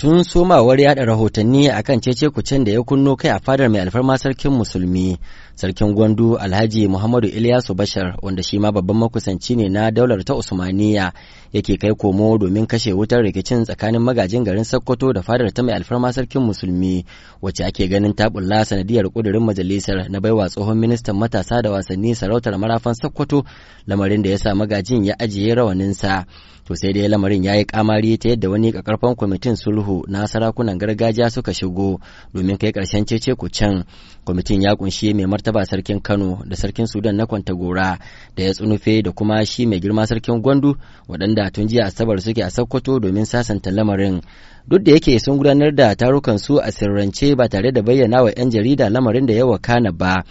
tun somawar yada rahotanni akan cece kucen da ya kunno kai a fadar mai alfarma sarkin musulmi sarkin gwandu alhaji muhammadu ilyasu bashar wanda shi ma babban makusanci ne na daular ta usmaniya yake kai komo domin kashe wutar rikicin tsakanin magajin garin sokoto da fadar ta mai alfarma sarkin musulmi wacce ake ganin tabulla sanadiyar kudurin majalisar na baiwa tsohon ministan matasa da wasanni sarautar marafan sokoto lamarin da ya sa magajin ya ajiye rawaninsa To sai dai lamarin ya yi kamari ta yadda wani kakarfan kwamitin sulhu na sarakunan gargajiya suka shigo domin kai karshen cece ku can. Kwamitin ya kunshi mai martaba sarkin Kano da sarkin Sudan na Kwantagora da ya tsunufe da kuma shi mai girma sarkin Gwandu waɗanda tun jiya Asabar suke a Sokoto domin sasanta lamarin. Duk da yake sun gudanar da tarukan su a sirrance ba tare da bayyana wa 'yan jarida lamarin da ya wakana ba.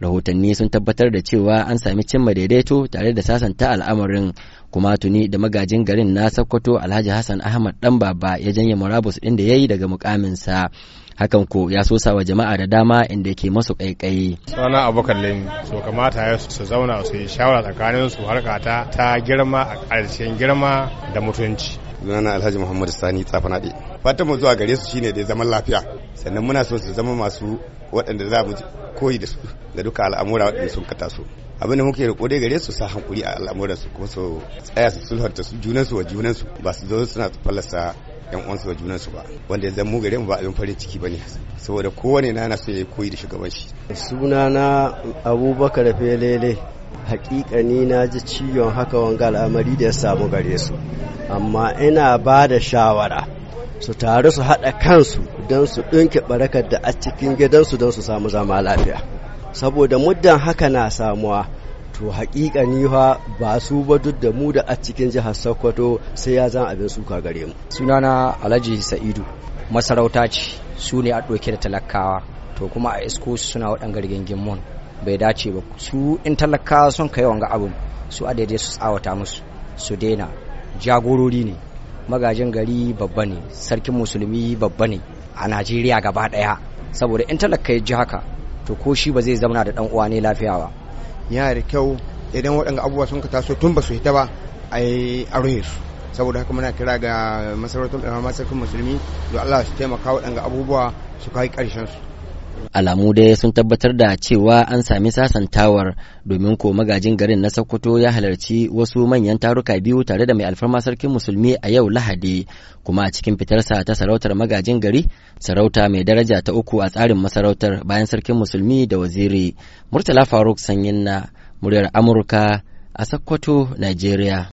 rahotanni sun tabbatar da cewa an sami cimma daidaito tare da sasanta al'amarin kuma tuni da magajin garin na sokoto alhaji hassan ahmad dan baba ya janye murabus din da ya yi daga mukaminsa hakan ko ya sosa wa jama'a da dama inda yake masu kaikayi sana abokan lemi so kamata ya su zauna su yi shawara tsakanin su harka ta girma a ƙarshen girma da mutunci sunana alhaji muhammadu sani tsafanaɗe fatan mu zuwa gare su shine da zaman lafiya sannan muna so su zama masu waɗanda za mu koyi da su ga duka al'amura waɗanda sun kata su abinda muke da gare su sa hankuri a al'amuran su kuma su tsaya su sulhunta su junan su wa junan su ba su zo suna fallasa yan uwansu wa junan ba wanda zan mu gare mu ba abin farin ciki bane saboda kowane na so ya koyi da shugaban shi sunana Abubakar Felele hakika ni na ji ciwon haka wanga al'amari da ya samu gare su amma ina ba da shawara su taru su haɗa kansu don su ɗinke barakar da a cikin gidansu don su samu zama lafiya saboda muddan haka na samuwa to hakika fa ba su ba duk da mu da a cikin jihar sokoto sai ya zan abin suka gare mu sunana alhaji sa'idu masarauta ce su ne a ɗauke da talakawa to kuma a isko suna waɗanga rigingin mun bai dace ba su in talakawa sun kai wanga abin su a daidai su tsawata musu su daina jagorori ne magajin gari babba ne sarkin musulmi babba ne a najeriya gaba daya saboda in talaka ya ji haka to ko shi ba zai zauna da dan uwa ne lafiya ba yana da kyau idan waɗanda abubuwa sun ka taso tun ba su hita ba a yi su saboda haka muna kira ga masarautar masarkin musulmi da allah su taimaka waɗanda abubuwa su kawai ƙarshen su alamu dai sun tabbatar da cewa an sami sasantawar domin ko magajin garin na sokoto ya halarci wasu manyan taruka biyu tare da mai alfarma sarkin musulmi a yau lahadi kuma a cikin fitarsa ta sarautar magajin gari sarauta mai daraja ta uku a tsarin masarautar bayan sarkin musulmi da waziri murtala faruk sanyin na muryar amurka a sokoto nigeria